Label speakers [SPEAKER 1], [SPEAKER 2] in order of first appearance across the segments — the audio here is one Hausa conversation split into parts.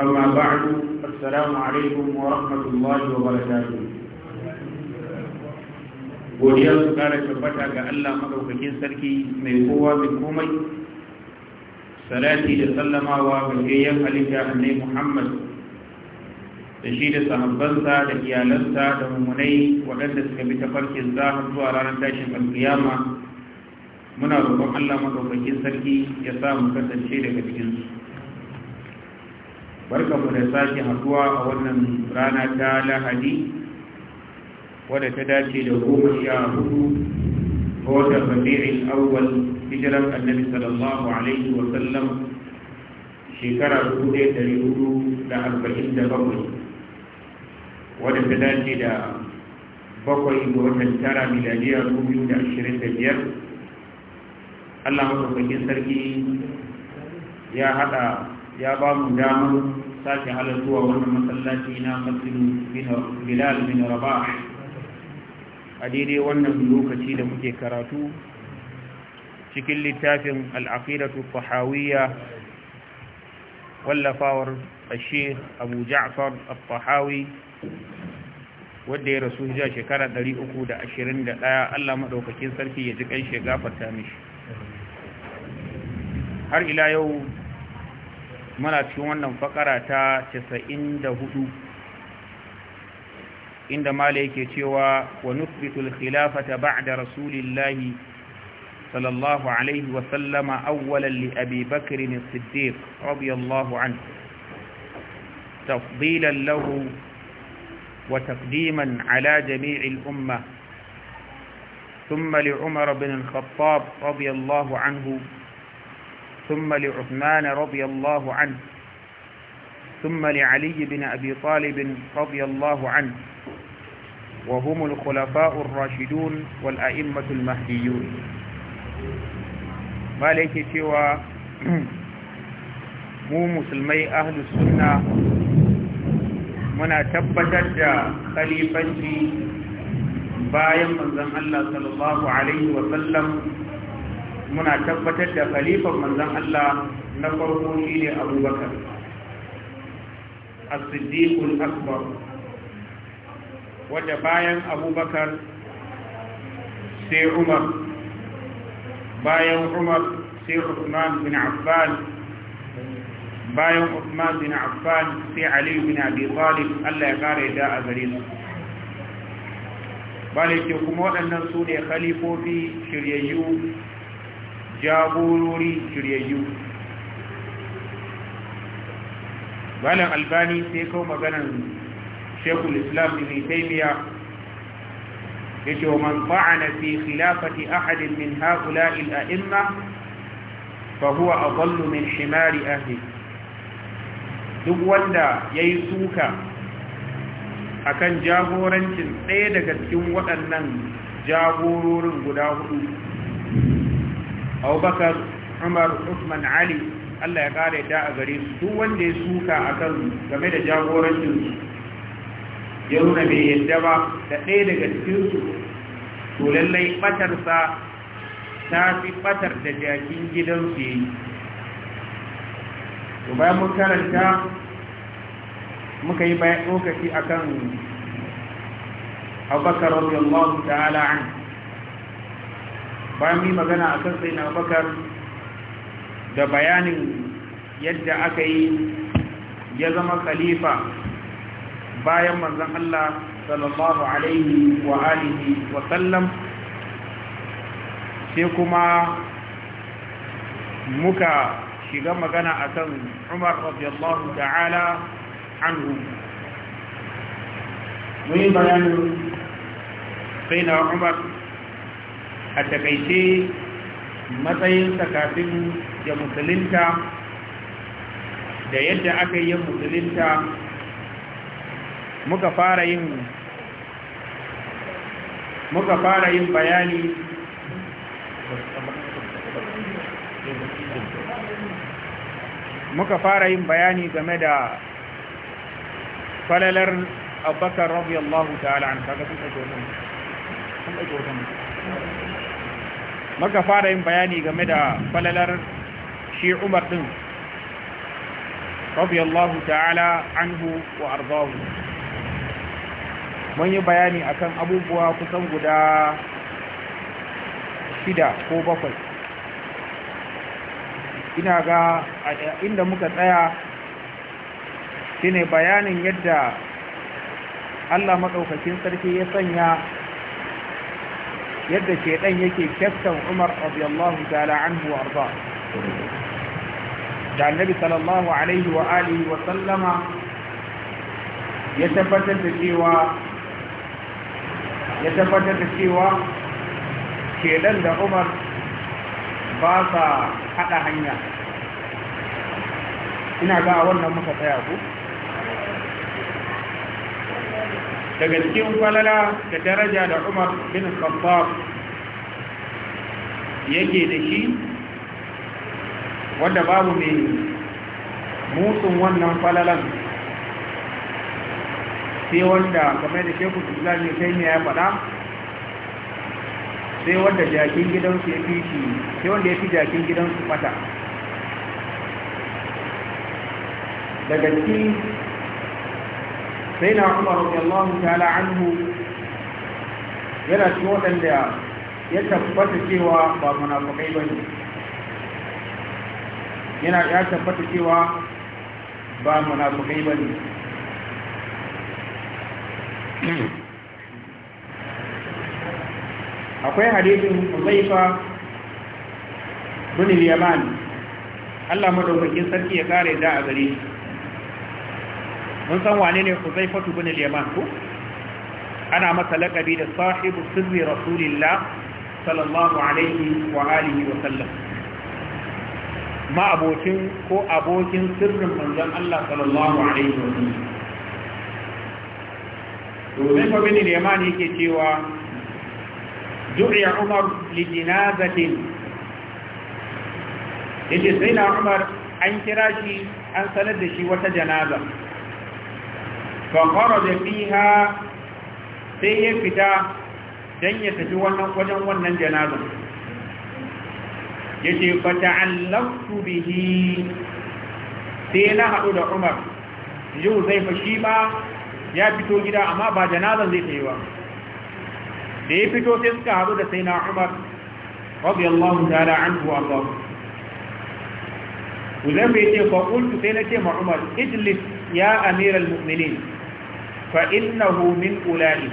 [SPEAKER 1] أما بعد السلام عليكم ورحمة الله وبركاته godiya su kara tabbata ga Allah madaukakin sarki mai kowa mai komai salati da sallamawa ga yayin halitta annai Muhammad da shi da sahabbansa da iyalansa da mummunai waɗanda suka bi farkin zahar zuwa ranar tashin alkiyama muna roƙon Allah madaukakin sarki ya sa mu kasance daga cikinsu barkamu da sake haduwa a wannan rana ta lahadi wadda ta dace da goma sha hudu ga watan rabi'in awwal hijiran annabi sallallahu alaihi wa sallam shekara dubu hudu da arba'in da wadda ta dace da bakwai ga watan tara miladiya 2025 da ashirin da biyar allah mafafakin sarki ya haɗa ya ba mu damar sake halartuwa wannan masallaci na masjidin bilal bin rabah a daidai wannan lokaci da muke karatu cikin littafin al'aqidatu tahawiyya wallafawar ashe abu ja'far al-tahawi wadda ya rasu hijira shekara 321 Allah maɗaukakin sarki ya ji ƙan shi gafarta mishi har ila yau muna cikin wannan fakara ta 94 inda mala yake cewa wa nuthbitul khilafata ba'da rasulillah sallallahu alaihi wa sallama awwalan li abi bakr as-siddiq radiyallahu anhu tafdilan lahu wa taqdiman ala jami'il ummah ثم لعمر بن الخطاب رضي الله عنه ثم لعثمان رضي الله عنه ثم لعلي بن أبي طالب رضي الله عنه وهم الخلفاء الراشدون والأئمة المهديون مالك سوى مو مسلمي أهل السنة muna tabbatar da khalifanci bayan manzon Allah sallallahu alaihi wa sallam muna tabbatar da khalifan manzon Allah na farko shi shine Abubakar As-Siddiq al-Akbar wanda bayan Abubakar sai Umar bayan Umar sai Uthman bin Affan bayan Uthman bin Affan sai Aliyu bin Abi Allah ya kare da a gare su bale ke kuma waɗannan su ne khalifofi shiryayyu jagorori shiryayyu malam albani sai kawo maganan shekul islam ibn taymiya yace wa man fi khilafati ahad min ha'ula'i al fa huwa adallu min himari ahli duk wanda yayi suka akan jagorancin ɗaya daga cikin waɗannan jagororin guda hudu abubakar umar usman ali allah ya kara yadda a gare su duk wanda ya suka a kan game da jagorancin ya nuna bai yadda ba da ɗaya daga cikinsu to lallai ɓatarsa ta fi ɓatar da jakin gidansu ya yi to bayan mun karanta muka yi bayan lokaci akan abubakar radiyallahu ta'ala an bayan yi magana a kan na bakar da bayanin yadda aka yi ya zama khalifa bayan manzan Allah sallallahu alaihi wa alihi wa sallam sai kuma muka shiga magana akan Umar radiyallahu ta'ala anhu mun yi sai na Umar a takaice matsayin kafin ya musulunta da yadda aka yi musulunta muka fara yin muka fara yin bayani muka fara yin bayani game da falalar abubakar radiyallahu ta'ala an kaga suka ɗauke wannan maka fara yin bayani game da falalar shi umar din Yallahu ta'ala an anhu wa arzawu. mun yi bayani akan abubuwa kusan guda shida ko bakwai ina ga inda muka tsaya shine bayanin yadda Allah maɗaukakin sarki ya sanya yadda shaidan yake kyaskan umar radiyallahu ta'ala anhu wa arda da annabi sallallahu alaihi wa alihi wa sallama ya tabbatar da cewa ya tabbatar da cewa shaidan da umar ba sa hada hanya ina ga wannan muka tsaya ku daga cikin falala da daraja da umar bin khattab yake da shi wanda babu mai musun wannan falalan sai wanda kamar da shekul islam ne kai ya faɗa sai wanda jakin gidansu ya fi shi sai wanda ya fi jakin gidansu fata
[SPEAKER 2] daga cikin
[SPEAKER 1] sai na umar radiyallahu ta'ala anhu yana cikin waɗanda ya tabbata cewa ba munafukai ba ne yana ya tabbata cewa ba munafukai ba ne akwai hadisin Uzaifa bin Yaman Allah madaukakin sarki ya kare da a gare shi mun san wane ne huzaifatu bin al-yaman ko ana masa laqabi da sahibu sirri rasulillah sallallahu alaihi wa alihi wa sallam ma abokin ko abokin sirrin manzon Allah sallallahu alaihi wa sallam to sai bin al-yaman yake cewa ju'i umar li jinazatin yace sai na umar an kira shi an sanar da shi wata janaza da fiha sai ya fita dan ya tafi wajen wannan Ya ce fa ta'allaqtu bihi sai na haɗu da Umar yau zai fa shi ba ya fito gida amma ba janazan zai tayi ba da ya fito sai suka haɗu da sai na Umar radiyallahu ta'ala an wa Allah Uzaifa yace fa qultu sai na ce ma Umar ijlis ya amiral mu'minin fa innahu min ulai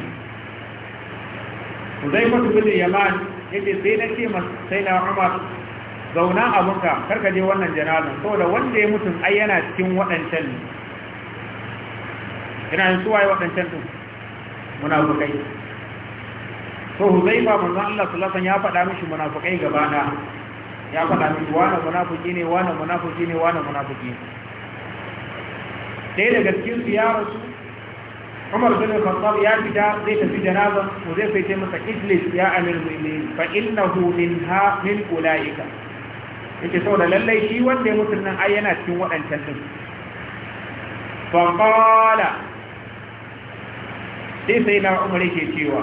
[SPEAKER 1] Uzaifa bin Yaman yace sai na ce masa sai na Umar zauna abunka karka je wannan janazan saboda wanda ya mutum ai yana cikin waɗancan ne ina yin suwaye waɗancan din munafukai to Huzaifa manzo Allah sallallahu alaihi ya faɗa mishi munafukai gaba na ya faɗa mishi wani munafiki ne wani munafiki ne wani munafiki ne ɗaya daga cikin su ya rasu umar bin khattab ya fita zai tafi janaza ko zai sai masa ijlis ya amir mu'minin fa innahu minha min ulaika yake saboda lallai shi wanda ya mutu nan ai yana cikin waɗancan din fa qala sai sai na umar yake cewa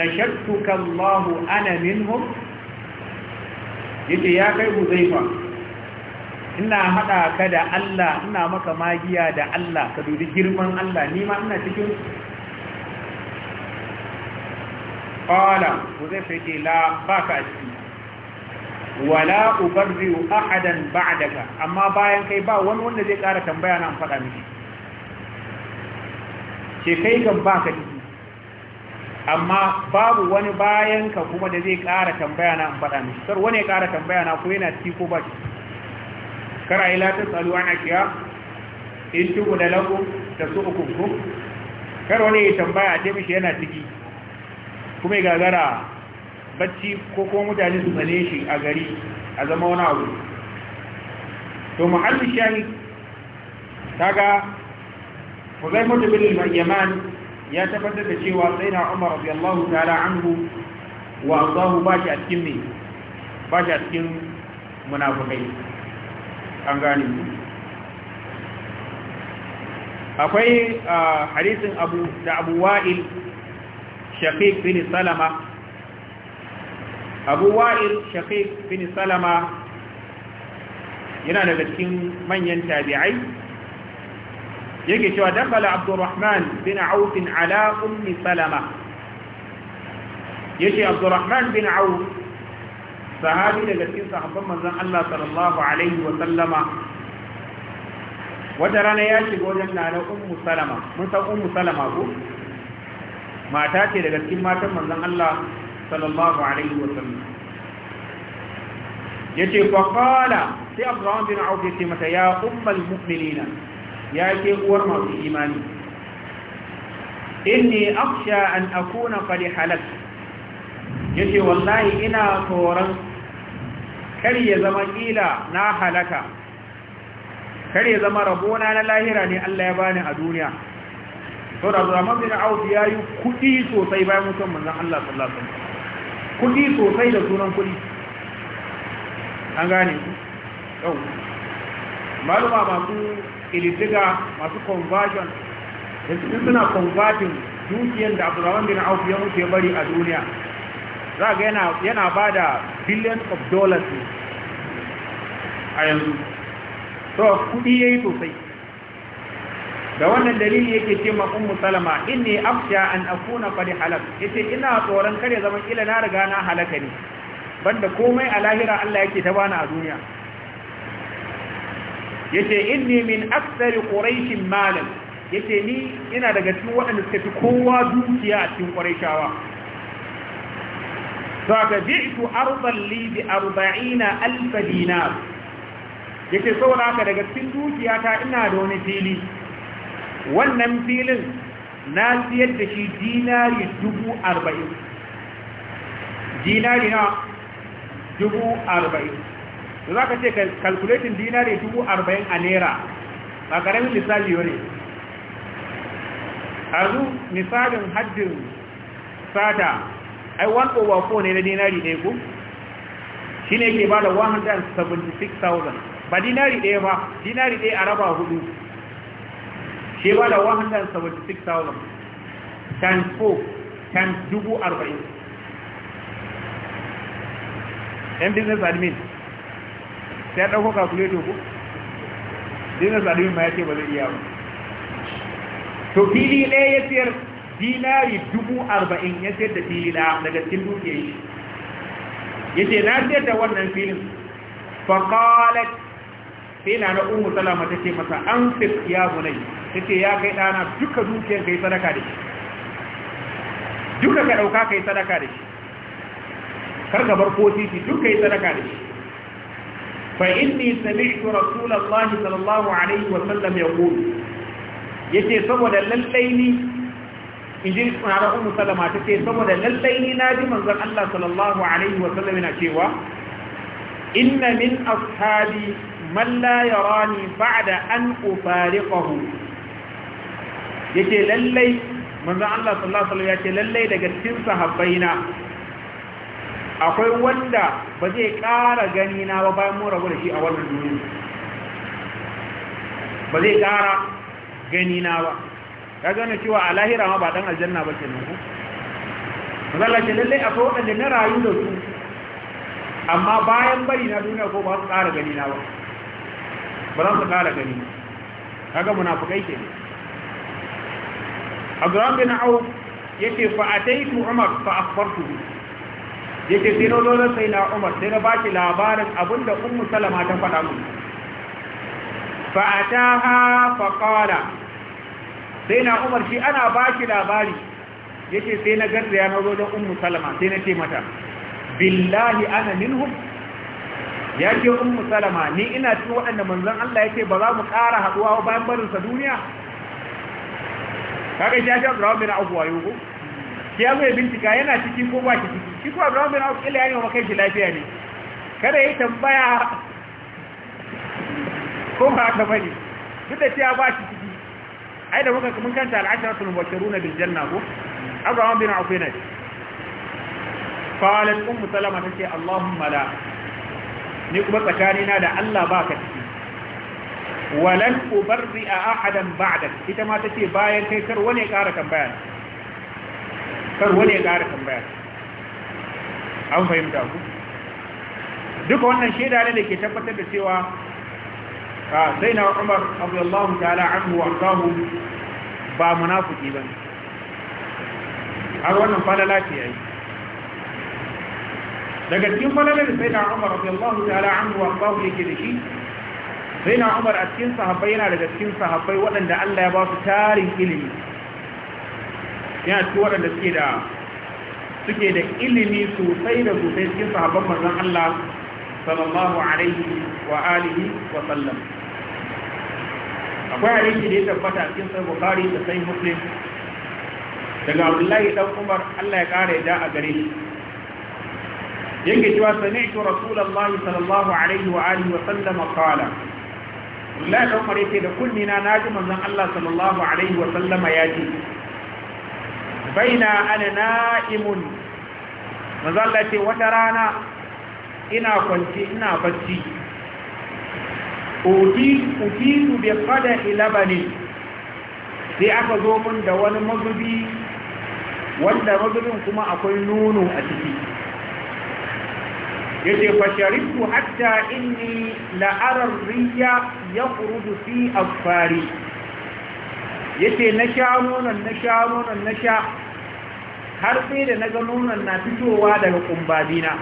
[SPEAKER 1] nashattuka Allah ana minhum yake ya kai huzaifa ina haɗa ka da Allah ina maka magiya da Allah ka dubi girman Allah ni ma ina cikin qala zai fike la baka a ciki wala ubarri ahadan ba'daka amma bayan kai ba wani wanda zai ƙara tambaya na faɗa miki Ke kai ba baka ciki amma babu wani bayan ka kuma da zai ƙara tambaya na faɗa miki sar wani ya ƙara tambaya na ko yana ciki ko ba ciki kar ila ta tasalu ana kiya in tuku da lagu da su uku ku kar wani ya tambaya ce mishi yana ciki kuma ya gagara bacci ko kuma mutane su tsane shi a gari a zama wani abu to muhallin shahid kaga mutu bin Yaman ya tabbatar da cewa sai na Umar radiyallahu ta'ala anhu wa ba shi a cikin ne ba shi a cikin munafukai an gane akwai hadisin abu da abu wa'il shaqiq bin salama abu wa'il shaqiq bin salama yana daga cikin manyan tabi'ai yake cewa dakala abdurrahman bin auf ala ummi salama yake abdurrahman bin auf sahabi daga cikin sahabban manzon Allah sallallahu alaihi wa sallama wata rana ya shiga wajen nana ummu salama mun san ummu salama ko mata ce daga cikin matan manzon Allah sallallahu alaihi wa sallam yace fa qala sai Abdurrahman bin Auf yace mata ya ummul mu'minina ya ke uwar masu imani inni akhsha an akuna qad halak yace wallahi ina tsoron kar ya zama kila na halaka kar ya zama rabona na lahira ne Allah ya bani a duniya to da Abdurrahman bin auti ya yi kudi sosai bayan mutum manzan Allah sallallahu alaihi wasallam kudi sosai da sunan kudi an gane yau maluma masu ilitiga masu conversion da suna converting dukiyar da Abdurrahman bin Auf ya mutu ya bari a duniya za ga yana ba da billion of dollars ne a yanzu to kudi yi sosai da wannan dalili yake ce ma musalama salama inni akhsha an akuna fari halak ce ina tsoron kare zaman kila na riga na halaka ne banda komai a lahira Allah yake ta bani a duniya Ya yace inni min ƙorashin malam. Ya ce ni ina daga cikin waɗanda suka fi kowa dukiya a cikin ƙorashawa. فبعت أرضا لي بأربعين ألف دينار yake saboda haka daga cikin dukiyata ina da wani fili wannan filin na siyar da shi dinari dubu arba'in dinari na dubu arba'in da za ka ce kalkuletin dinari dubu arba'in a naira ba ƙaramin misali wani a zu misalin haddin sata ai 1 over 4 ne na dinari ɗaya ko shi ne ke ba da 176,000 ba dinari ɗaya ba dinari ɗaya a raba hudu shi ba da 176,000 times 4 times 40,000 yan business admin sai ɗauko calculator ko business admin ma ya ce ba zai iya ba to fili ɗaya ya siyar dinari dubu arba'in ya sayar da fili na daga cikin dukiyar shi ya ce na sayar da wannan filin faƙalat sai na na umu salama ta ce masa an fit ya bunai ta ce ya kai ɗana duka dukiyar kai sadaka da shi duka ka ɗauka kai sadaka da shi karka bar ko titi duka yi sadaka da shi fa inni sami'tu rasulullahi sallallahu alaihi wa sallam ya yaqul yace saboda lallai ni in ji tsara umu salama ta ce saboda lallai ni na ji manzan Allah sallallahu alaihi wa sallam yana cewa inna min ashabi man la yarani ba'da an ufariqahu yace lallai manzan Allah sallallahu alaihi wa sallam yace lallai daga cikin sahabbaina akwai wanda ba zai kara gani na ba bayan mu rabu da shi a wannan duniya ba zai kara gani na ba ka gane cewa a lahira ma ba dan aljanna ba ke nan ku Allah ke lalle akwai waɗanda na rayu da su amma bayan bari na duniya ko ba su ƙara gani na ba ba za su ƙara gani kaga munafikai ke Abdurrahman bin Auf yake fa ataitu Umar fa akhbartu yake sai na zo na sai na Umar sai na ba shi labarin abinda Ummu Salama ta faɗa mu fa ataha fa qala sai na umar shi ana ba shi labari yake sai na garda ya zo da ummu salama sai na ce mata billahi ana minhum ya ce ummu salama ni ina cikin waɗanda manzon Allah yake ba za mu ƙara haɗuwa bayan barinsa duniya kaga ya ce Abraham bin abu wayo ko shi ya mai bincika yana ciki ko ba ciki shi ko Abraham bin abu kila ya wa kai shi lafiya ne kada ya tambaya ko ba ta bane duk da cewa ba ciki ai da muka mun kanta al'asharatul mubashiruna bil janna ko abraham bin aufina qalat ummu salama tace allahumma la ni kuma tsakanina da Allah baka ciki walan ubarri'a ahadan ba'dak ita ma tace bayan kai kar wani ya ƙara tambaya kar wani ya ƙara tambaya an fahimta ku duka wannan shaida ne da ke tabbatar da cewa Ah, sai na umar abdullahu ta'ala anhu wa arzahu ba munafiki ba ne har wannan falala ce yayi daga cikin falalar da sai na umar abdullahu ta'ala anhu wa arzahu yake da shi sai na umar a cikin sahabbai yana daga cikin sahabbai waɗanda Allah ya ba su tarin ilimi yana cikin waɗanda suke da suke da ilimi sosai da sosai cikin sahabban manzon Allah sallallahu alaihi wa alihi wa sallam akwai hadisi da ya tabbata cikin sahih bukari da sai muslim daga abdullahi dan umar Allah ya kare ja a gare shi yake cewa sami'tu rasulullahi sallallahu alaihi wa alihi wa sallam qala Allah dan umar yake da kunni na naji manzon Allah sallallahu alaihi wa sallama ya ji. baina ana na'imun manzon Allah ce wata rana ina kwanci ina bacci ubitu bi qadahi labani sai aka zo mun da wani mazubi wanda mazubin kuma akwai nono a ciki yace fasharitu sharibtu hatta inni la ara riya kurudu fi afari yace na sha nonon na sha nonon na sha har sai da naga nonon na fitowa daga kumbabina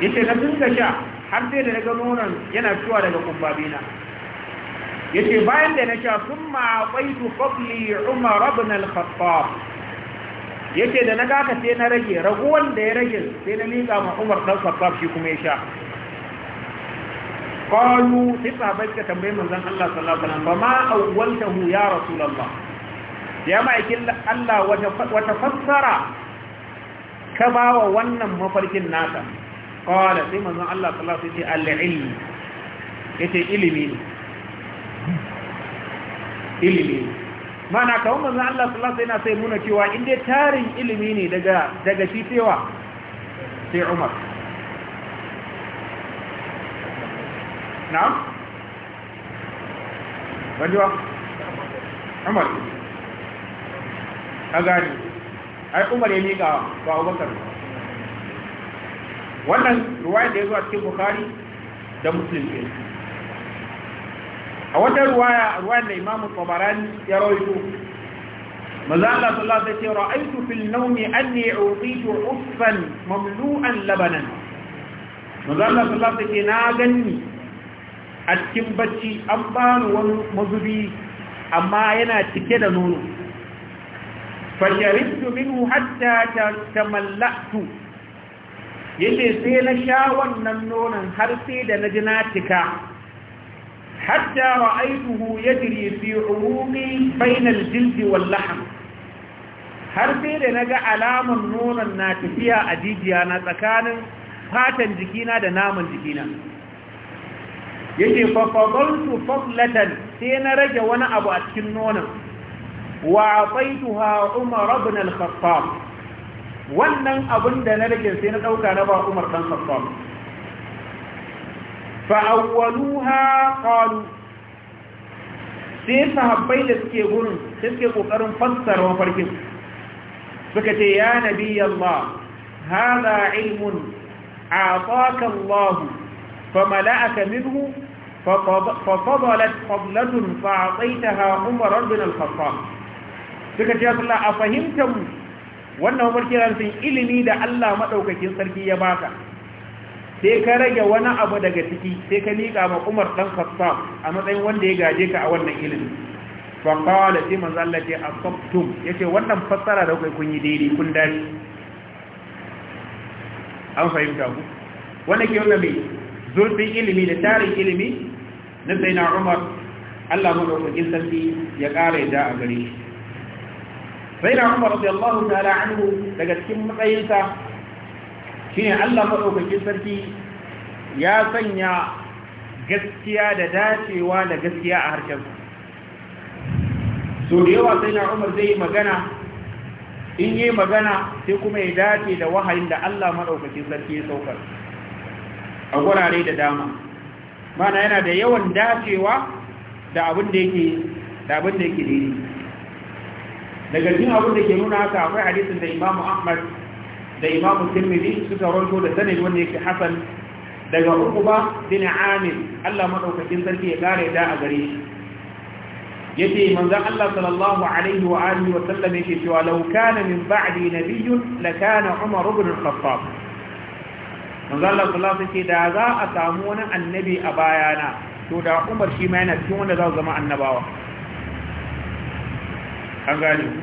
[SPEAKER 1] yace na dinga sha har sai da na ga nonon yana fitowa daga Ya ce bayan da na sha sun ma'aƙaitu fadli umar ibn al Ya ce da na gaka sai na rage raguwan da ya rage sai na liƙa ma umar dan khattab shi kuma ya sha qalu sai sahabbai suka tambaye manzon Allah sallallahu alaihi Ba ma ta hu ya rasulullah ya ma'aikin Allah wata fassara ka ba wa wannan mafarkin nasa qala sai mazan Allah sallallahu alaihi wasallam al-ilm yace ilimi ne ilimi mana kawo mazan Allah sallallahu alaihi wasallam sai muna cewa inda tarin ilimi ne daga shi cewa sai Umar Wani wajewa Umar a gani ai Umar ya miƙa ba Abubakar ba wannan ruwaya da ya zuwa cikin bukari da muslim ɗin a wata ruwaya ruwayar da imamu tabarani ya rawaito manzo Allah sallallahu alaihi wasallam ra'aytu fil nawmi anni uqitu usfan mamlu'an labanan manzo Allah sallallahu alaihi wasallam na ganni a cikin bacci an bani wani mazubi amma yana cike da nono fasharibtu minhu hatta tamallatu yace sai na sha wannan nonon har sai da na ji na tika wa ra'aytuhu yajri fi uruqi bayna al-jild wal lahm har sai da naga alaman nonon na tafiya a jijiya na tsakanin fatan jikina da naman jikina yake fafabaltu fadlatan sai na rage wani abu a cikin nonon wa aqaituha umar ibn al-khattab wannan abin da na rage sai na ɗauka na ba umar ɗan khattab fa awwaluha qalu sai sahabbai da suke gurin sai suke ƙoƙarin fassara mafarkin suka ce ya nabi Allah hada ilmun tsakan lahu. fa mala'aka minhu fa fadalat fadlatun fa ataitaha Umar bin al suka ce Allah a fahimta mu wannan mafarki yana ilimi da Allah maɗaukakin sarki ya baka sai ka rage wani abu daga ciki sai ka miƙa ma Umar dan Khattab a matsayin wanda ya gaje ka a wannan ilimi fa qala sai manzo Allah ce asabtum yace wannan fassara da kai kun yi daidai kun dace an fahimta ku wannan ke wannan mai zurfin ilimi da tarin ilimi na na Umar Allah madaukakin sarki ya ƙara da a gare shi sai na umar radiyallahu ta'ala anhu daga cikin matsayinsa shine Allah madaukakin sarki ya sanya gaskiya da dacewa da gaskiya a harshen so da yawa sai umar zai magana in yi magana sai kuma ya dace da wahayin da Allah madaukakin sarki ya saukar a gurare da dama mana yana da yawan dacewa da abin da yake da abin da yake daidai daga cikin abin da ke nuna haka akwai hadisin da Imam Ahmad da Imam Tirmidhi suka rawaito da sanad wanda yake hasan daga Uqba bin Amir Allah madaukakin sarki ya kare da a gare shi yace manzon Allah sallallahu alaihi wa alihi wa sallam yake cewa law kana min ba'di nabiyyun lakana Umar ibn al-Khattab manzon Allah sallallahu alaihi da za a samu wani annabi a bayana to da Umar shi ma yana cikin wanda za su zama annabawa an gane ku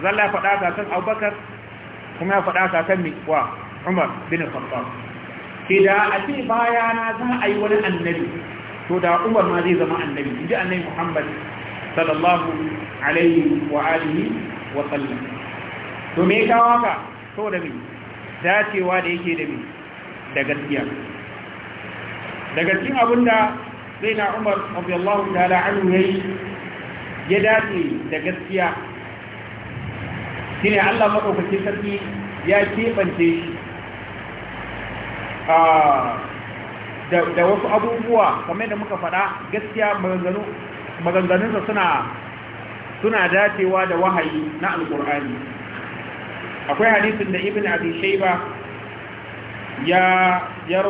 [SPEAKER 1] mazalla ya faɗa ka kan abubakar kuma ya faɗa ka kan wa umar bin khattab idan a ce na za a yi wani annabi to da umar ma zai zama annabi inji annabi muhammad sallallahu alaihi wa alihi wa sallam to me ka waka to da mi dacewa da yake da mi da gaskiya daga cikin abinda sai na umar radiyallahu ta'ala anhu yayi ya dace da gaskiya shi ne Allah maɗaukaki sarki ya keɓance shi da wasu abubuwa kamar da muka faɗa gaskiya maganganunsa suna suna dacewa da wahayi na alƙur'ani akwai hadisin da ibn abi shaiba ya ya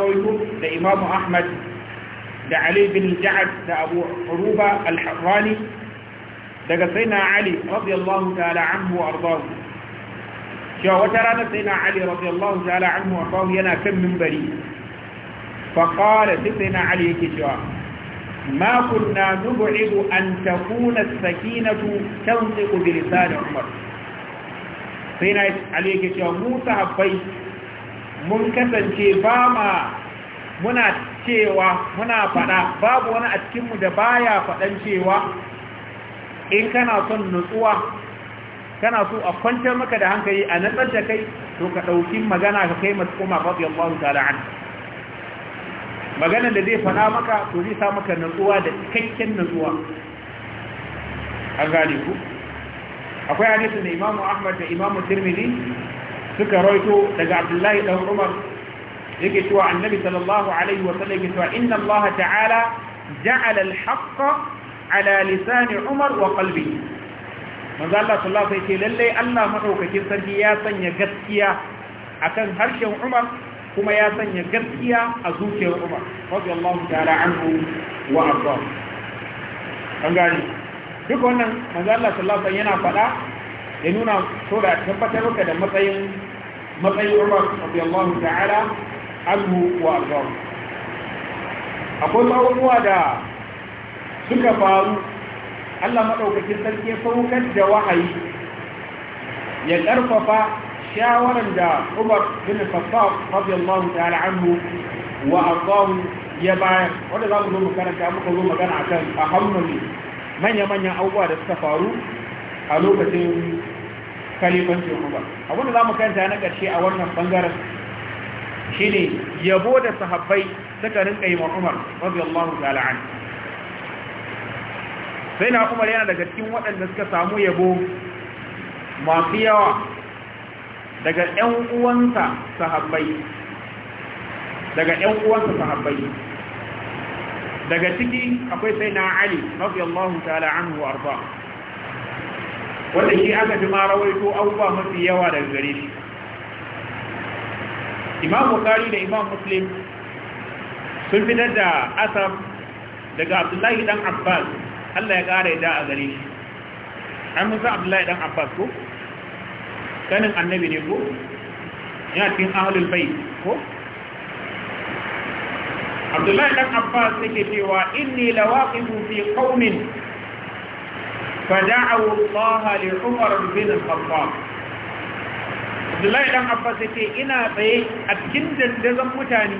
[SPEAKER 1] da imamu ahmad da ali bin ja'ad da abu ruba al-harrani daga sayyidina ali radiyallahu ta'ala anhu ardahu cewa wata rana sayyidina ali radiyallahu ta'ala anhu ardahu yana kan minbari fa qala sayyidina ali yake cewa ma kunna nub'idu an takuna as-sakinatu tanṭiqu bi lisan umar sayyidina ali yake cewa mu sahabbai mun kasance ba ma muna cewa muna fada babu wani a cikinmu da baya fadan cewa in kana son nutsuwa kana so a kwantar maka da hankali a natsar da kai to ka ɗauki magana ka kai masu koma faɗi Allah ta'ala an maganar da zai faɗa maka to zai sa maka nutsuwa da cikakken nutsuwa an gane ku akwai hadisin da Imam Ahmad da Imam Tirmidhi suka rawaito daga Abdullahi dan Umar yake cewa Annabi sallallahu alaihi wa sallam yake cewa inna Allah ta'ala ja'ala al-haqqa ala lisani umar wa qalbi manzo Allah sallallahu alaihi wasallam lalle Allah madaukakin sarki ya sanya gaskiya akan harshen umar kuma ya sanya gaskiya a zuciyar umar radiyallahu ta'ala anhu wa arda an gani duk wannan manzo Allah sallallahu alaihi wasallam yana faɗa ya nuna so da tabbatar maka da matsayin matsayin umar radiyallahu ta'ala anhu wa arda akwai abubuwa da suka faru Allah maɗaukacin sarki saukar da wahayi ya ƙarfafa shawaran da Umar bin Khattab radiyallahu ta'ala anhu wa ardahu ya bayar wanda za mu zo mu karanta muka zo magana akan hannun manya-manyan abubuwa da suka faru a lokacin kalifancin Umar abin da za mu karanta na ƙarshe a wannan bangaren shine yabo da sahabbai suka rinka yi wa Umar radiyallahu ta'ala anhu sai na umar yana daga cikin waɗanda suka samu yabo masu yawa daga ‘yan uwansa sahabbai daga ‘yan uwansa sahabbai daga ciki akwai sai na ali mafi allahu ta'ala anhu arba wanda shi aka fi ma rawaito abubuwa mafi yawa daga gare shi imam bukari da imam muslim sun fitar da asab daga abdullahi dan abbas Allah ya ƙara yadda a gare shi an musa abdullahi dan abbas ko kanin annabi ne ko yana cikin ahlul bai ko abdullahi dan abbas yake cewa inni lawaqifu fi qaumin fada'u Allah li Umar bin al-Khattab Abdullahi dan Abbas yake ina tsaye a cikin dandazon mutane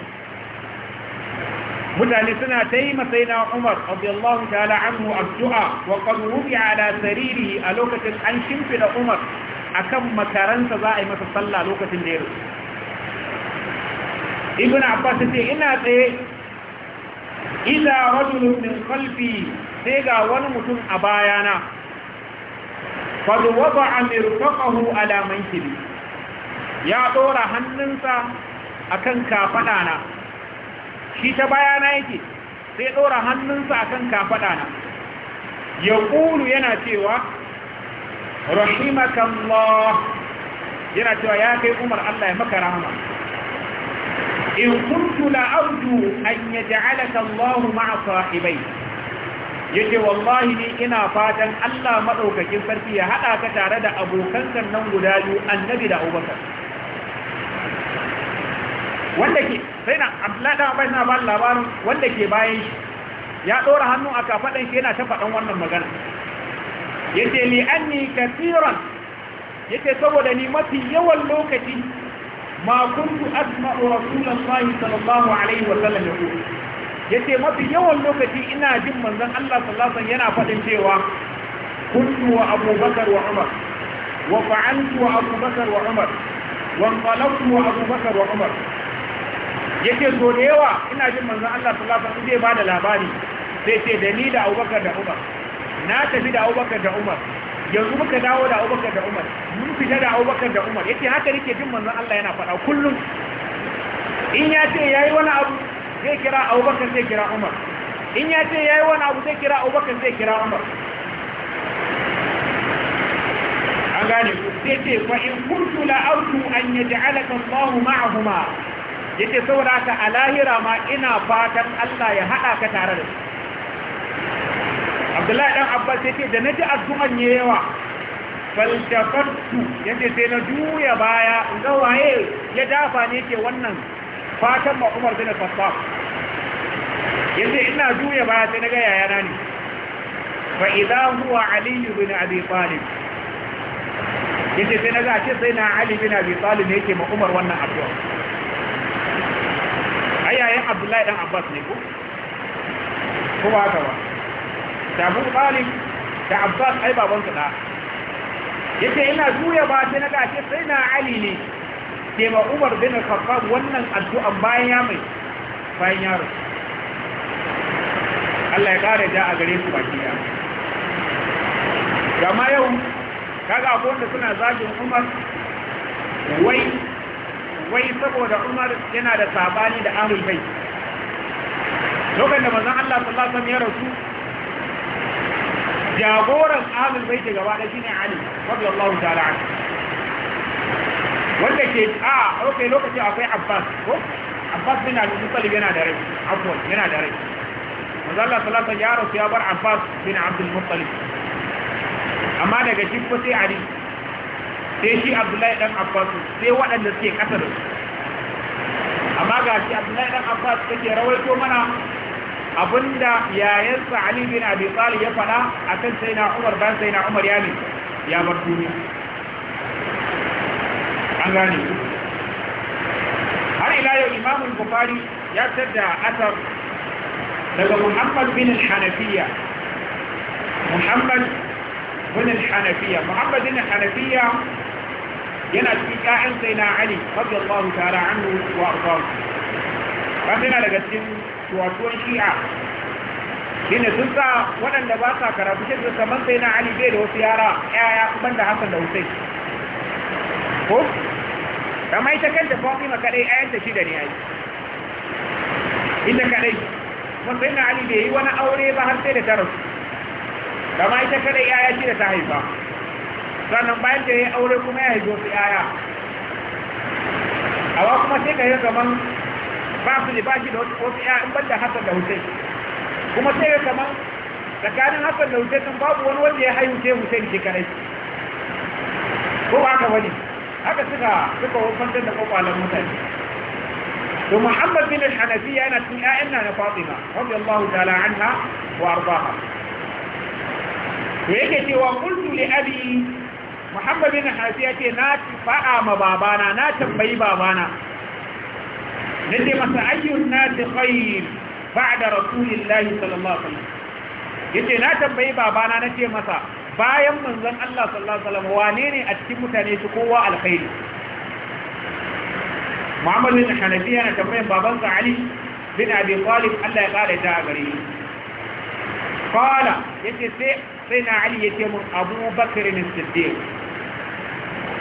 [SPEAKER 1] mutane suna ta yi masai na umar abdullahi ta'ala anhu addu'a wa qad a ala sariri a lokacin an shimfida umar akan makaranta za a yi masa sallah lokacin da ya rusu ibn abbas ce ina tsaye Ila rajulun min sai ga wani mutum a bayana qad wada'a mirfaqahu ala mankibi ya dora hannunsa akan na. shi ta bayana yake sai ɗora hannunsa a kan kafaɗa na ya yana cewa yana cewa ya kai umar Allah ya maka rahama in kuntu la'arju an ya ja'alaka Allah ma'a sahibai ce wallahi ne ina fatan Allah maɗaukakin sarfi ya haɗa ka tare da abokan nan guda biyu annabi da abubakar wanda ke sai na abdullahi da bai na ba labarin wanda ke bayan shi ya dora hannu a kafadan shi yana ta faɗan wannan magana yace li anni katiran yace saboda ni mafi yawan lokaci ma kuntu asma'u rasulullahi sallallahu alaihi wa sallam yaqul yace mafi yawan lokaci ina jin manzon Allah sallallahu alaihi yana fadin cewa kuntu wa abubakar wa umar wa fa'altu wa abubakar wa umar wa qalaqtu wa abubakar wa yake so da yawa ina jin manzon Allah sallallahu alaihi wasallam zai bada labari sai ce da ni da Abubakar da Umar na tafi da Abubakar da Umar yanzu muka dawo da Abubakar da Umar mun fita da Abubakar da Umar yace haka nake jin manzon Allah yana faɗa kullum in ya ce yayi wani abu zai kira Abubakar zai kira Umar in ya ce yayi wani abu zai kira Abubakar zai kira Umar an gane sai ce fa in kuntu la arju an yaj'alaka Allah ma'ahuma yake saboda haka a lahira ma ina fatan Allah ya haɗa ka tare da shi Abdullahi dan Abbas yake da na naji addu'an yawa faltafattu yake sai na juya baya ga waye ya dafa ne ke wannan fatan ma Umar bin Khattab yake ina juya baya sai na naga yayana ne fa idza huwa Ali bin Abi Talib yake sai na naga ce sai na Ali bin Abi Talib ne ke ma Umar wannan addu'a ayayen abdullahi dan abbas ne ko ko ba ba da abu talib da abbas ai babansa da ce ina juya ba sai naga ce sai na ali ne ke umar bin khattab wannan addu'an bayan ya mai bayan yaro Allah ya kare da a gare su baki da gama yau kaga akwai wanda suna zagin umar wai wai saboda Umar yana da sabani da ahlul bait lokacin da manzon Allah sallallahu alaihi wasallam ya rasu jagoran ahlul bait gaba da shine Ali radiyallahu ta'ala anhu wanda ke a okay lokacin akwai Abbas ko Abbas bin Abi Talib yana da rai afwan yana da rai manzon Allah sallallahu alaihi wasallam ya rasu ya bar Abbas bin Abdul Muttalib amma daga shi ko sai Ali sai shi abdullahi dan abbas sai waɗanda suke ƙasa da su amma ga shi abdullahi dan abbas take rawaito mana abinda yayansa ali bin abi talib ya faɗa akan sayyidina umar dan sayyidina umar ya ne ya bar duniya an gane har ila yau imamu bukhari ya tada asar daga muhammad bin al-hanafiya muhammad bin al-hanafiya muhammad bin al-hanafiya yana cikin ƴaƴan sai na ali radiyallahu ta'ala anhu wa ardahu kan yana daga cikin tuwatuwan shi'a shine sun sa waɗanda ba sa karatu shi da saman sai na ali bai da wasu yara ƴaƴa banda hasan da Hussein. ko kamar ita kanta fatima kadai ta shida ne ai ita kadai kuma sai na ali bai yi wani aure ba har sai da ta rasu kamar ita kadai ƴaƴa shida ta haifa sannan bayan da ya aure kuma ya haifi wasu yaya A awa kuma sai ka yi gaban ba su ne ba shi da wasu yaya in banda hasan da hussein kuma sai ya gaban tsakanin hasan da hussein babu wani wanda ya haihu sai hussein shi ko ba ka wani haka suka suka wakantar da kwakwalan mutane to muhammad bin al-hanafiya yana cikin ƴaƴan na na fatima radiyallahu ta'ala anha wa ardaha to yake cewa qultu li abi muhammad bin hafi ya ce na fa'a ma babana na tambayi babana na ce masa ayyun na ta khair ba'da rasulillahi sallallahu alaihi wasallam ce na tambayi babana na ce masa bayan manzon Allah sallallahu alaihi wasallam wane ne a cikin mutane su kowa alkhairi muhammad bin hanafi yana tambayin babansa ali bin abi talib Allah ya kare ta gare shi qala yace sai sai na ali yace mun Bakr ne siddiq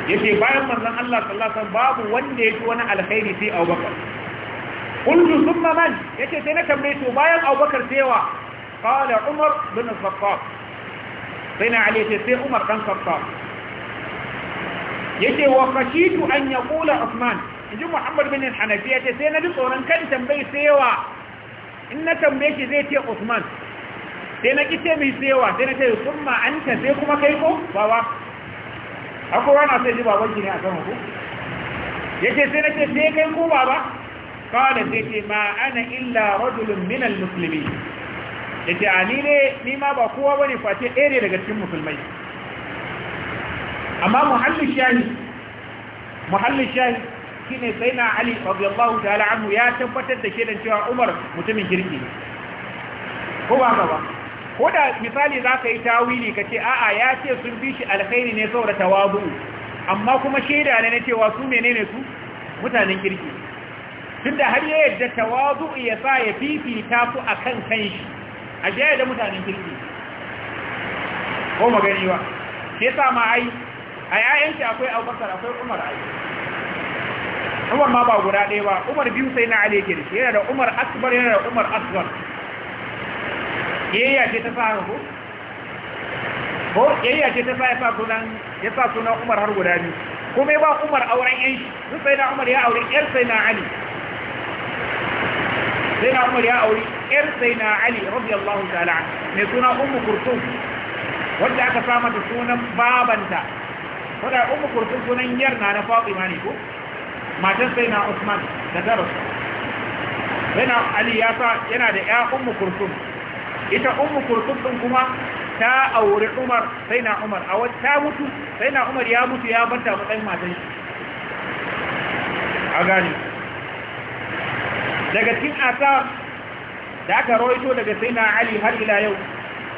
[SPEAKER 1] yace bayan manzon Allah sallallahu alaihi wasallam babu wanda yake wani alkhairi sai Abubakar qultu thumma man yace sai na tambaye to bayan Abubakar sai wa qala Umar bin Khattab sai na Ali sai Umar dan Khattab yace wa khashitu an yaqula Uthman inji Muhammad bin Hanafi yace sai na ji tsoron kan tambaye sai wa in na tambaye shi zai ce Uthman sai na kice mai sai wa sai na ce thumma anta sai kuma kai ko bawa akwai rana sai ji babanki ne a kan ku ya ce sai na ce sai kai ku baba kawai sai ce ma ana illa rajulun minal musulmi ya ce a ni ne ni ma ba kowa bane face ɗaya ne daga cikin musulmai amma muhallin shahi muhallin shahi shine sai na ali radiyallahu ta'ala anhu ya tabbatar da shedan cewa umar mutumin kirki ko ba ba ko da misali za ka yi tawili ka ce a'a ya ce sun fi shi alkhairi ne saboda tawabu amma kuma shaida ne na cewa su menene su mutanen kirki tunda har ya yadda tawazu ya sa ya fifita su akan kanshi a jaya da mutanen kirki ko magani ba ke sa ma ai a yayanci akwai abubakar akwai umar ai umar ma ba guda ɗaya ba umar biyu sai na ali kirki da shi yana da umar akbar yana da umar asghar kiyayya ce ta sa haka ko ko kiyayya ce ta sa ya sa sunan ya sa sunan Umar har guda biyu kuma ya ba Umar auren yan shi sun sai na Umar ya aure yar sai na Ali sai na Umar ya aure yar sai na Ali radiyallahu ta'ala mai sunan Ummu Kurtum wanda aka sa da sunan babanta wadda Ummu Kurtum sunan yar na na Fatima ne ko matan sai na Usman da Darus sai na Ali ya sa yana da ƴa Ummu Kurtum ita umu kurtub din kuma ta auri umar sai na umar a wata ta mutu sai na umar ya mutu ya banta matsayin matan shi a gani daga cikin asa da aka rawaito daga sai na ali har ila yau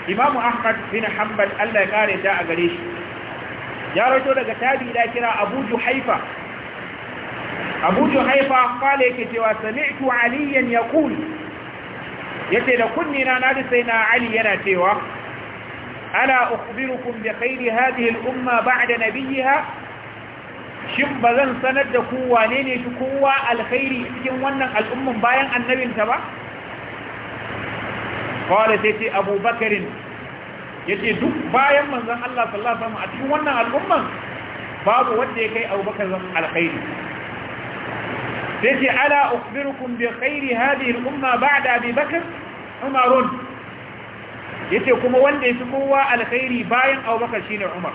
[SPEAKER 1] imamu ahmad bin hanbal allah ya kare ta a gare shi ya rawaito daga tabi da kira abu juhaifa
[SPEAKER 2] abu juhaifa
[SPEAKER 1] kala yake cewa sami'tu aliyan yaqul yace da kunni na nadi sai na ali yana cewa ala ukhbirukum bi khairi hadhihi al-umma ba'da nabiyha shin bazan sanar da ku wane ne shi kowa alkhairi cikin wannan al'umman bayan annabinta ba qala sai Abu Bakar yace duk bayan manzon Allah sallallahu alaihi wasallam a cikin wannan al'umman babu wanda ya kai Abu Bakar zan alkhairi sai ala ukhbirukum bi khairi hadhihi al-umma ba'da Abi Bakr Umar yace kuma wanda yafi kowa alkhairi bayan Abu Bakr shine Umar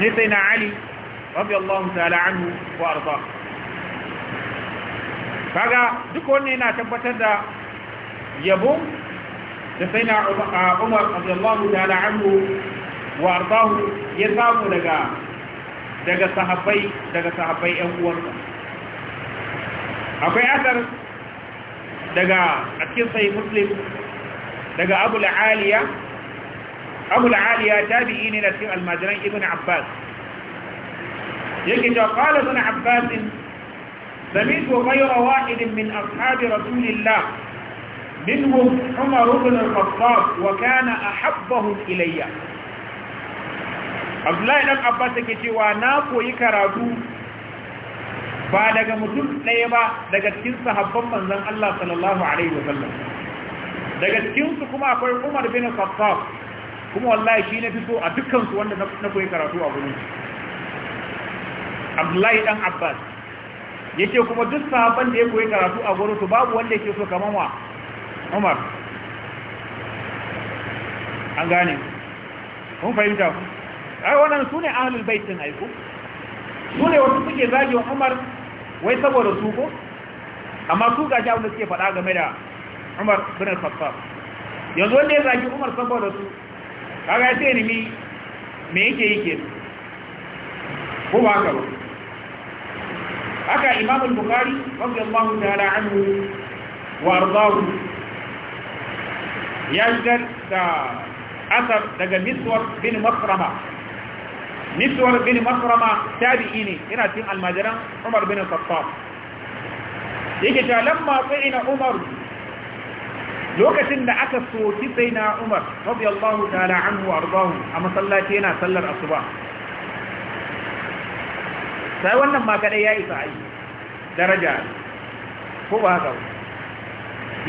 [SPEAKER 1] ne sai na Ali radiyallahu ta'ala anhu wa arda kaga duk wannan yana tabbatar da yabo da sai na Umar radiyallahu ta'ala anhu wa arda ya samu daga daga sahabbai daga sahabbai ƴan uwansa akwai asar daga a sai muslim daga abu al'aliya abu al'aliya tabi'i ne na cikin almajiran ibn abbas yake cewa qala ibn abbas سمعت غير min من rasulillah رسول الله منهم عمر بن الخطاب وكان أحبهم إلي Abdullahi dan Abbas yake cewa na koyi karatu ba daga mutum ɗaya ba daga cikin sahabban manzon Allah sallallahu alaihi wasallam daga cikin su kuma akwai Umar bin Khattab kuma wallahi shi na fito a dukkan su wanda na koyi karatu a gurin Abdullahi dan Abbas ce kuma duk sahabban da ya koyi karatu a gurin su babu wanda yake so kamar wa Umar an gane kun fahimta ku ai wannan sune ahlul bait din aiko sune wasu suke zagin Umar wai saboda su ko amma su ga abin da suke faɗa game da Umar bin Al-Khattab yanzu wanda ya zaki Umar saboda su kaga ya ce ni mi me yake yake ko ba ka ba haka Imam Al-Bukhari radiyallahu ta'ala anhu wa ardahu ya shigar da asar daga Miswar bin Makrama miswar bin makrama tabi'i ne yana cikin almajiran umar bin khattab yake cewa lamma tsina umar lokacin da aka soki tsina umar radiyallahu ta'ala anhu ardahu a masallaci yana sallar asuba sai wannan ma kada yayi sai daraja ko ba haka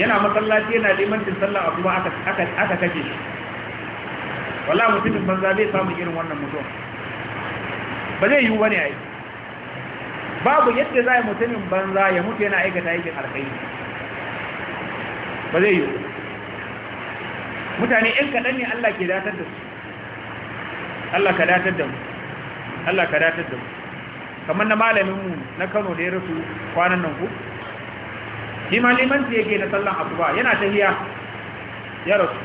[SPEAKER 1] yana masallaci yana limancin sallar asuba aka aka aka kace shi wallahi mutumin banza bai samu irin wannan mutum ba zai yiwu wani aiki. babu yadda za yi mutumin banza ya mutu yana aikata aikin alkai ba zai yiwu mutane in kaɗan ne Allah ke datar da su Allah ka datar da mu Allah ka datar da mu kamar na malaminmu na Kano da ya rasu kwanan nan ku shi ma limanci yake na sallan ba yana tahiya ya rasu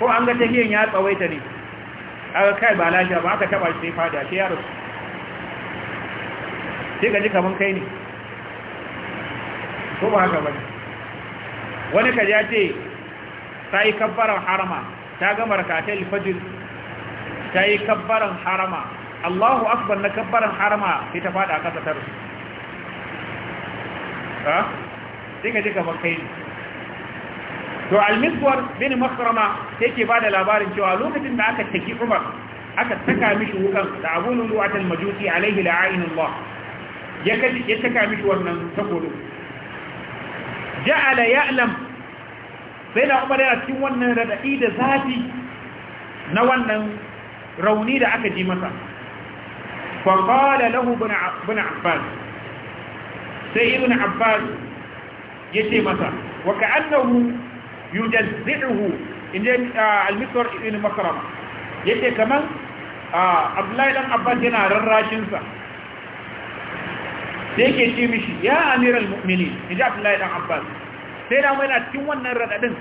[SPEAKER 1] ko an ga tahiyan ya tsawaita ne aka kai ba lafiya ba aka taba shi sai fada shi ya rasu sai ka ji kaman kai ne ko ba haka bane wani ka ya ce ta yi kabbaran harama ta gama rakatai alfajir ta yi kabbaran harama Allahu akbar na kabbaran harama sai ta fada a kasa tarsu ha sai ka ji kaman kai ne to almiswar bin makrama sai ke bada labarin cewa lokacin da aka taki umar aka taka mishi wukan da abun ta majusi alaihi la'inullah ya kaji ya saka mishi wannan takobin ja'ala ya'lam sai na umar yana cikin wannan raɗaɗi da zafi na wannan rauni da aka ji masa fa qala lahu ibn abbas sai ibn abbas ce masa wa ka'annahu yujazzihu inda al-misr ibn ya ce kamar abdullahi ɗan abbas yana rarrashin sa da yake ce mishi ya amiral mu'mini in abdullahi dan abbas sai da yana cikin wannan radadin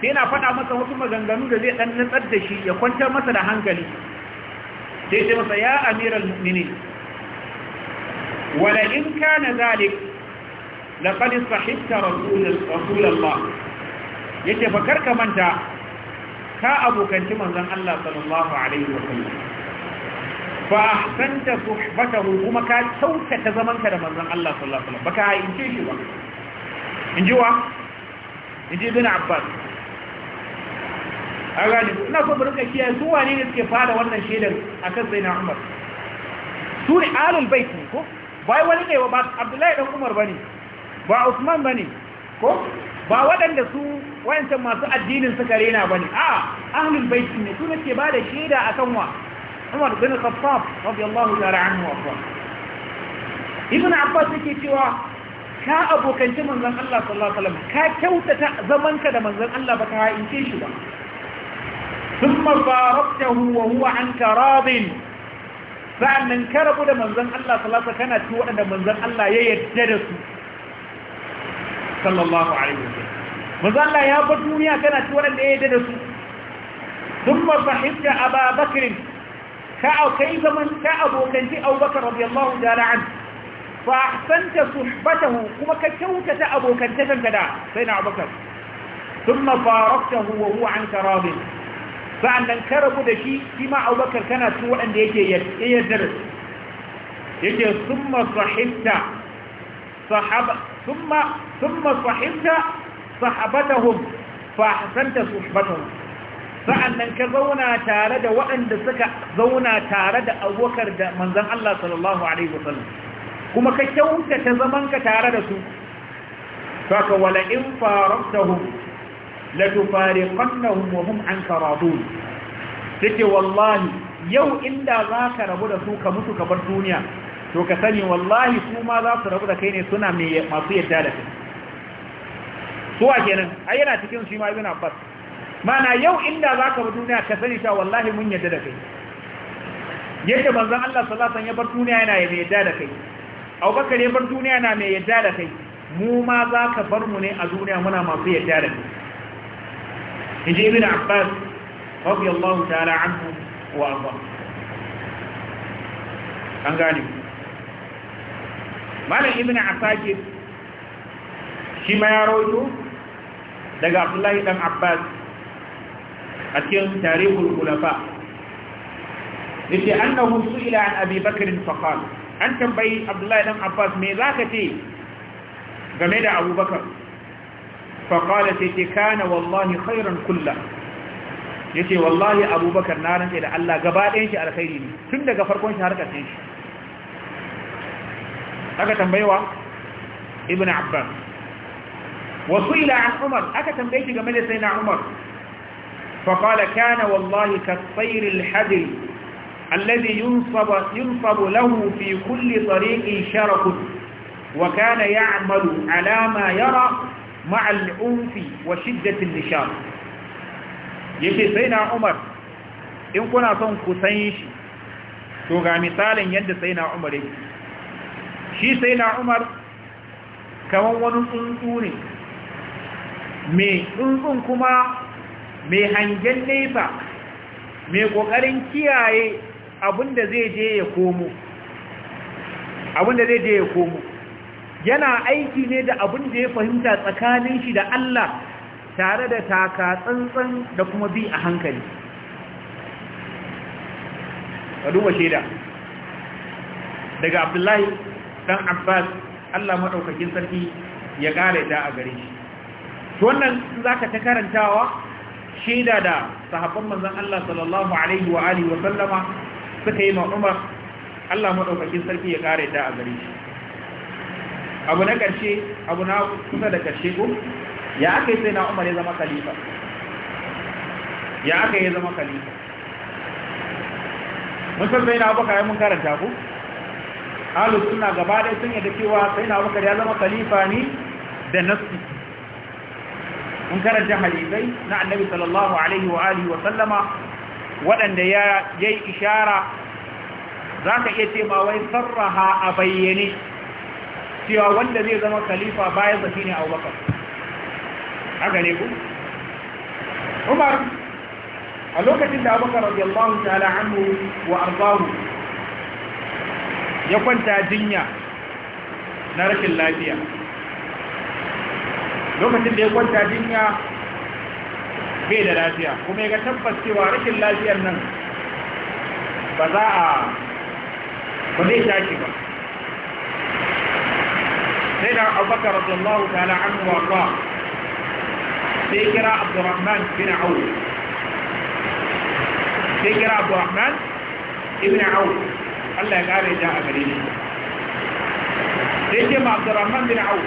[SPEAKER 1] sai yana faɗa masa wasu maganganu da zai ɗan nutsar da shi ya kwantar masa da hankali sai ce masa ya amiral mu'mini wala in kana zalik laqad sahibta rasulullah yace fa karka manta ka abokanci manzon Allah sallallahu alaihi wa sallam fa ahsanta suhbatahu kuma ka zaman zamanka da manzon Allah sallallahu alaihi wasallam baka haince shi ba inji wa inji ibn abbas agani na so burinka kiyaye su wane ne suke fara wannan shedar akan zainab umar su ne alul bait ko bai wani ne ba abdullahi dan umar bane ba usman bane ko ba waɗanda su wayancan masu addinin suka rena bane a ahlul bait ne su ne ke bada sheda akan wa Umar bin Khattab radiyallahu ta'ala anhu wa Ibn Abbas yake cewa ka abokanci manzon Allah sallallahu alaihi wasallam ka kyautata zamanka da manzon Allah ba ka ince shi ba thumma baraktahu wa huwa anka radin sa'annan ka rabu da manzon Allah sallallahu alaihi wasallam kana ci wadanda manzon Allah ya yarda da su sallallahu alaihi wasallam manzon Allah ya bar duniya kana ci wadanda ya yarda da su thumma sahibta Abu Bakr كأخي زمن كأبو كنت أبو بكر رضي الله تعالى عنه فأحسنت صحبته كما كتوتة تأب كنت كدا سيدنا بكر ثم فارقته وهو عن كراب فأن كرب دشي فيما أبو بكر كان سوء أن يجي يدرس يجي ثم صحبت صحب ثم ثم صحبت صحبتهم فأحسنت صحبتهم sa'annan ka zauna tare da waɗanda suka zauna tare da abokar da manzan Allah sallallahu Alaihi wasallam kuma ka kyautata zamanka tare da su saka wala in farabtahum la tufariqannahum wa hum anka radun take wallahi yau inda zaka rabu da su ka mutu ka bar duniya to ka sani wallahi su ma za su rabu da kai ne suna mai masu yadda da Su suwa kenan ai yana cikin shi ma ibn mana yau inda za ka bi duniya ka sani ta wallahi mun yadda da kai yadda manzan Allah salatan ya bar duniya yana mai yadda da kai abubakar ya bar duniya yana mai yadda da kai mu ma za ka bar mu ne a duniya muna masu yadda da kai in ji ibn abbas rabbi allah ta'ala ku wa abba an gane malam ibn asakir shi ma ya rawaito daga abdullahi dan abbas a cikin tarihul khulafa yace annahu su'ila an abi bakr fa qala an tambayi abdullahi dan abbas me zaka ce game da abubakar fa qala ce kana wallahi khairan kullu yace wallahi abubakar na ran da Allah gaba ɗayan shi alkhairi ne tun daga farkon shi har ƙarshen shi aka tambayewa ibn abbas wasu ila an umar aka tambaye shi game da sai umar فقال كان والله كالطير الحذر الذي ينصب, ينصب له في كل طريق شرف وكان يعمل على ما يرى مع العنف وشدة النشاط يجي سينا عمر إن كنا صن كسينش توقع مثال يند سينا عمر شي سينا عمر كمون ونصنطوني من ينصن كما mai hangen nefa, mai kokarin kiyaye abinda zai je ya komo abinda zai je ya komo yana aiki ne da abin da ya fahimta tsakanin shi da Allah tare da taka tsantsan da kuma bi a hankali ka duba shaida daga abdullahi dan abbas Allah maɗaukakin sarki ya ƙara ta a gare shi wannan za ka ta karantawa shaida da sahabban manzon Allah sallallahu alaihi wa alihi wa sallama suka yi ma'umar Allah madaukakin sarki ya kare da a gare shi abu na karshe abu na kusa da karshe ko ya aka yi sai na Umar ya zama khalifa ya aka yi zama khalifa mun san sai na abu kayan mun karanta ku Alu sunna gaba ɗaya sun yadda cewa sai na Abubakar ya zama khalifa ne da nasu mun karanta halifai na annabi sallallahu alaihi wa alihi wa sallama waɗanda ya yi ishara za ka iya ce sarraha a bayyane cewa wanda zai zama khalifa bayan zafi ne abubakar haka ne ku? umar a lokacin da abokan radiyallahu ta'ala hannu wa arzahu ya kwanta jinya na rashin lafiya lokacin da ya kwanta jinya bai da lafiya kuma ya ga tabbas cewa rashin lafiyar nan ba za a ba zai tashi ba sai da abubakar radiyallahu ta'ala anhu wa ba sai kira abdurrahman bin awu sai kira abdurrahman ibn awu Allah ya kare da a gare shi sai ce ma abdurrahman bin awu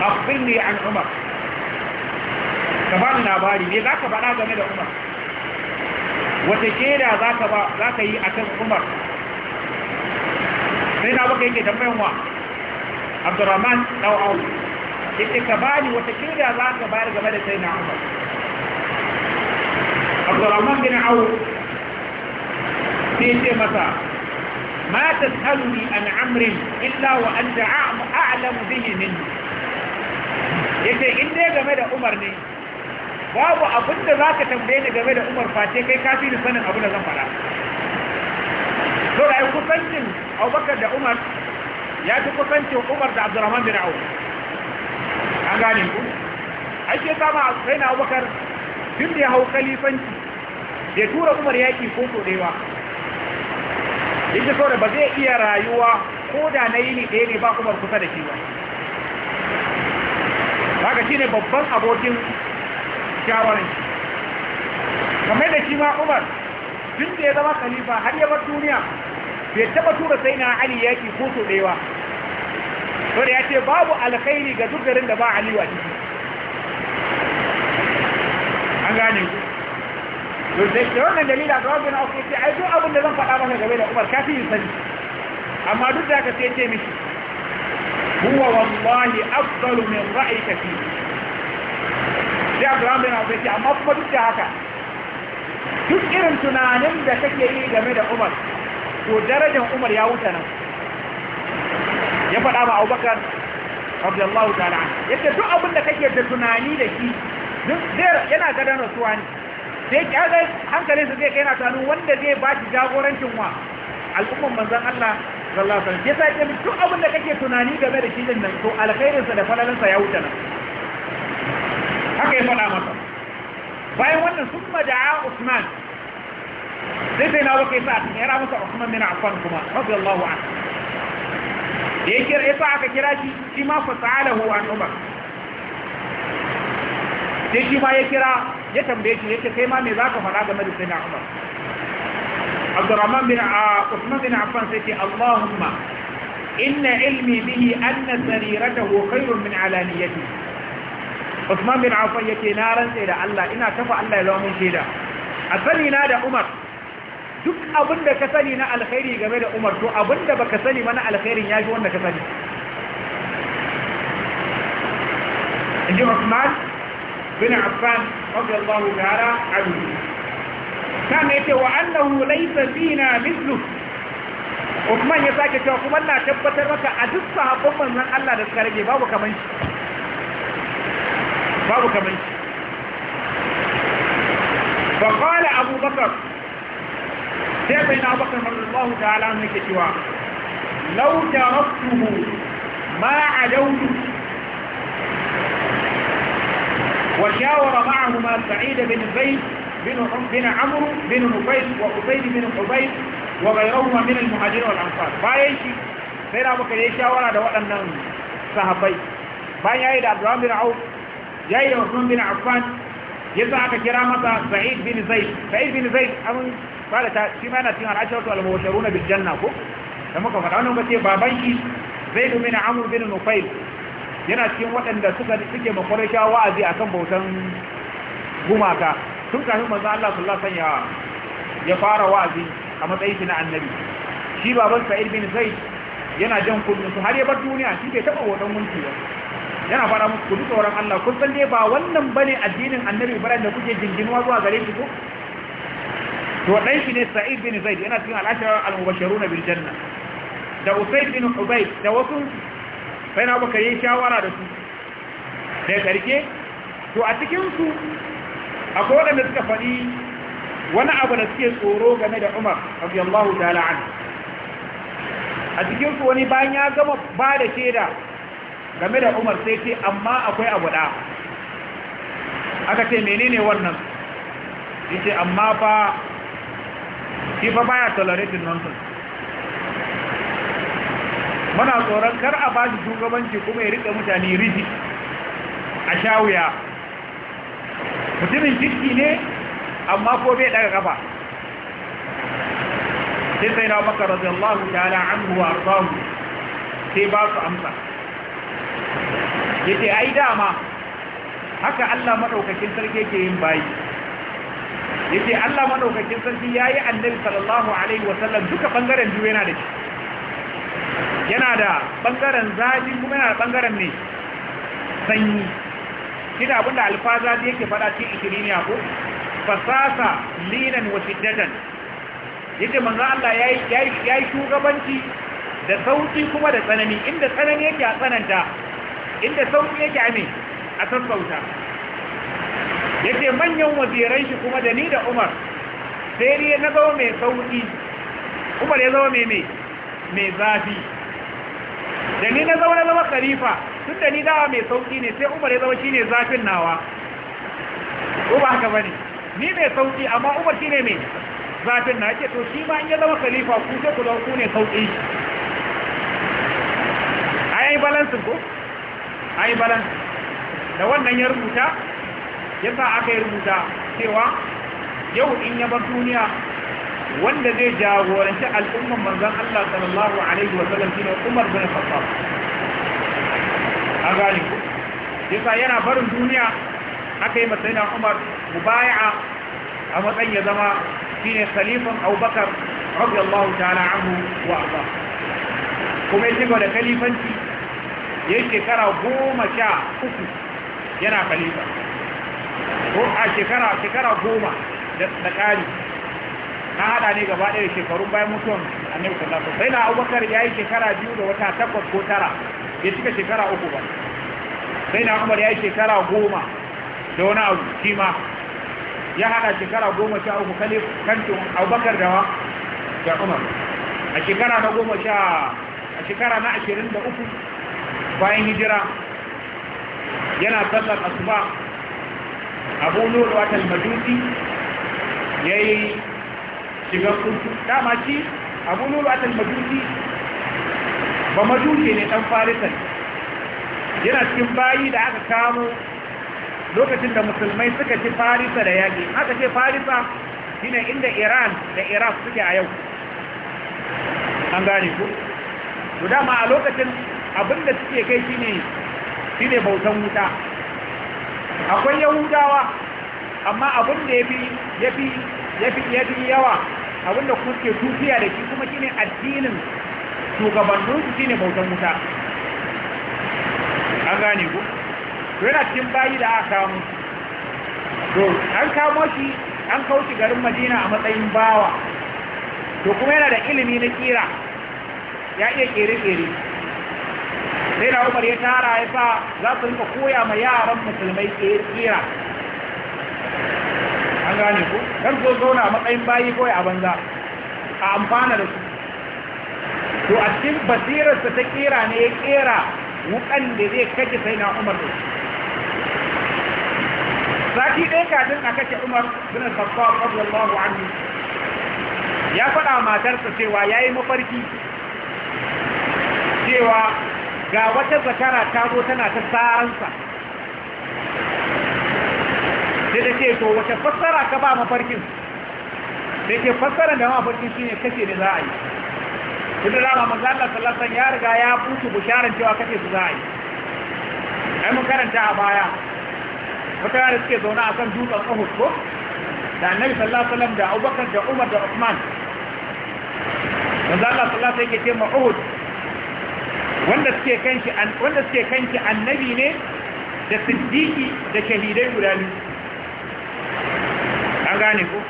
[SPEAKER 1] akhbirni an umar ka ba ni labari me za ka faɗa game da umar wata shaida za ka yi a kan umar sai na baka yake tambayin wa abdurrahman ɗau'au yake ka ba ni wata shaida za ka bayar game da sai na umar abdurrahman bin au sai ce masa ma ta tsaluni an amrin illa wa an da a'alamu bihi minni ce in dai game da Umar ne babu abin da zaka tambaye ni game da Umar face kai kafi da sanin abin da zan fara to da kusancin Abubakar da Umar ya fi kusancin Umar da Abdurrahman bin Awu an gane ku ake sama sai na Abubakar tun da ya hau kalifanci da tura Umar yaki ko so daiwa yake so da ba zai iya rayuwa ko da na yi ni ɗaya ne ba Umar kusa da shi ba shi ne babban abokin shawarar kamar da shi ma umar tun da ya zama kalifa har ya bar duniya bai taba tura sai na ali yaki ko so daiwa to da ya ce babu alkhairi ga duk garin da ba ali wa ciki an gane ku to sai da wannan dalila ga wannan akwai sai ai duk abin da zan faɗa maka game da umar kafin sani amma duk da ka sai ya ce mishi huwa wallahi afdalu min ra'ayi kafi sai abdullahi bin abu ya amma kuma duk da haka duk irin tunanin da kake yi game da umar to darajar umar ya wuta nan ya faɗa ma abubakar abdullahi ta'ala yadda duk abin da kake da tunani da shi yana gadon rasuwa ne sai kyagar hankalinsa zai kai na tunanin wanda zai ba shi jagorancin wa Al'ummar manzan Allah sallallahu alaihi wasallam yasa yake duk abin da kake tunani game da shi din nan to alkhairin sa da falalan sa ya wuce nan haka ya faɗa masa bayan wannan summa da'a Usman sai sai na baka yasa ya ra masa Usman bin Affan kuma radiyallahu anhu da ya kira yasa aka kira shi shi ma fa sa'alahu an Umar sai shi ma ya kira ya tambaye shi yace kai ma me zaka faɗa game da sai na Umar abdurrahman bin uh, usman bin affan sai inna ilmi bihi anna sariratahu khairun min na rantsa da Allah ina tafa Allah a da duk abin ka sani na alkhairi game da umar to abin baka sani na alkhairin ya fi wanda ka sani inji Usman bin Affan radiyallahu ta'ala anhu kana yace wa annahu laysa fina mithlu Uthman ya sake cewa kuma na tabbatar maka a duk sahabban manzon Allah da suka rage babu kaman shi babu kaman shi fa qala Abu Bakar sai bayin Abu Bakar radiyallahu ta'ala anhu yake cewa law taraktuhu ma adawtu وشاور معهما سعيد بن زيد بن بن عمرو بن نفيس وقبيل بن حبيب وغيرهما من المهاجرين والأنصار باين شي sai da muka yi shawara da waɗannan sahabbai bayan yayi da Abdurrahman bin Auf yayi da Usman bin Affan yadda aka kira masa Sa'id bin Zaid Sa'id bin Zaid an fara ta shi ma yana cikin al'asharatu al-mubashiruna bil janna ko da muka faɗa bin bin yana cikin waɗanda suka suke makwarisha wa'azi kan bautan gumaka tun kafin maza Allah sallallahu alaihi ya fara wa'azi a matsayin shi na annabi shi baban Sa'id bin Zaid yana jan kunnu su har ya bar duniya shi bai taba wadon gunki ba yana fara musu kudu tsoron Allah kun san dai ba wannan bane addinin annabi Ibrahim da kuke jinginuwa zuwa gare shi ko to dan shi ne Sa'id bin Zaid yana cikin al-ashara al-mubashiruna bil janna da Usayd bin Hubayb da wasu sai na baka yi shawara da su da karke to a cikin su akwai waɗanda suka faɗi wani abu da suke tsoro game da umar abiyallahu ta'ala an a cikinsu wani bayan ya gama ba da shaida game da umar sai ce amma akwai abu ɗa aka ce menene wannan yace amma fa shi fa baya tolerating nonsense muna tsoron kar a ba shi shugabanci kuma ya riƙe mutane riji a shawuya mutumin jirgi ne amma ko bai daga kafa sai sai na maka radiyallahu ta'ala anhu wa ardahu sai ba su amsa yace ai dama haka Allah Maɗaukakin sarki yake yin bayi yace Allah Maɗaukakin sarki ya yi annabi sallallahu alaihi wasallam duka ɓangaren biyu yana da yana da ɓangaren zafi kuma yana da ɓangaren ne sanyi abin da abinda alfaza da yake fada cikin ikiriniya ko fasasa linan wa shiddatan yadda manzo Allah yayi yayi shugabanci da sauki kuma da tsanani inda tsanani yake a tsananta inda sauki yake a me a sassauta yake manyan waziran shi kuma da ni da Umar sai ne na zama mai sauki Umar ya zama mai mai zafi da ni na zama na zama khalifa tun da ni dawa mai sauki ne sai umar ya zama shi ne zafin nawa ko ba haka ba ne. ni mai sauki amma umar shi ne mai zafin na yake to shi ma in ya zama khalifa ku sai ku zama ku ne sauki ayi balansin ko yi balansin da wannan ya rubuta ya sa aka yi rubuta cewa yau in ya bar duniya wanda zai jagoranci al'umman manzon Allah sallallahu alaihi wa shi ne Umar bin Khattab an gane ku yasa yana barin duniya aka yi matsayin umar mubaya'a a matsayin ya zama shi ne khalifan abubakar radiyallahu ta'ala anhu wa arda kuma ya shiga da khalifanci ya yi shekara goma sha uku yana khalifa ko a shekara shekara goma da ƙari na hada ne gaba ɗaya shekarun bayan mutuwan a sallallahu alaihi wasallam sai na abubakar ya yi shekara biyu da wata takwas ko tara ya cika shekara uku ba sai na umar ya yi shekara goma da wani abu shi ma ya haɗa shekara goma sha uku kalif kantin abubakar da da umar a shekara na goma sha a shekara na ashirin da uku bayan hijira yana sallar asuba abu nuru wata majusi ya yi shiga kuntu dama shi abu nuru wata majusi ba majuke ne ɗan farisan yana cikin bayi da aka kamo lokacin da musulmai suka ci farisa da yaƙi aka ce farisa shine inda iran da iraq suke a yau an gane ku to dama a lokacin abinda suke kai shine shine bautan wuta akwai yahudawa amma abinda yafi yafi yafi yafi yawa abinda kuke tufiya da shi kuma shine addinin su shine bautan wuta an gane ku yana cikin bayi da aka samu. to an kamo shi an kauce garin madina a matsayin bawa to kuma yana da ilimi na kira ya iya kere-kere sai na umar ya tara ya sa za su rinka koya ma yaran musulmai kira an gane ku don zo zauna a matsayin bayi kawai a banza a amfana da su to a cikin basirarsa ta kera ne ya kera wukan da zai kaji sai na umar da sati ɗaya kafin a kashe umar bin al-khattab radiyallahu anhu ya faɗa matarsa cewa yayi mafarki cewa ga wata zakara ta zo tana ta saransa sai da ce to wata fassara ka ba mafarkin da ke fassara da mafarkin shine kashe da za a yi tun da dama manzo Allah sallallahu alaihi ya riga ya buku bisharar cewa kace su za a yi ai mun karanta a baya mutane suke zaune a kan dutsen Uhud ko da Annabi sallallahu alaihi wasallam da Abubakar da Umar da Uthman manzo Allah sallallahu alaihi yake ce Uhud wanda suke kanki wanda suke kanki annabi ne da siddiqi da shahidai guda biyu an gane ko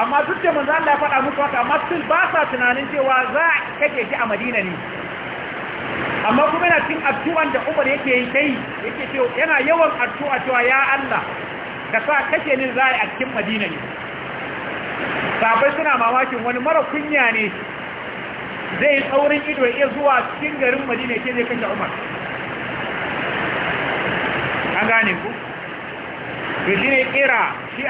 [SPEAKER 1] amma duk da manzo Allah ya faɗa musu haka amma sun ba sa tunanin cewa za a kake shi a Madina ne amma kuma yana cin addu'an da Umar yake yi kai yake cewa yana yawan addu'a cewa ya Allah ka sa kake ni za a cikin Madina ne sabai suna mamakin wani mara kunya ne zai yi tsaurin ido ya zuwa cikin garin Madina ke zai kashe Umar an gane ku to
[SPEAKER 3] shi kira shi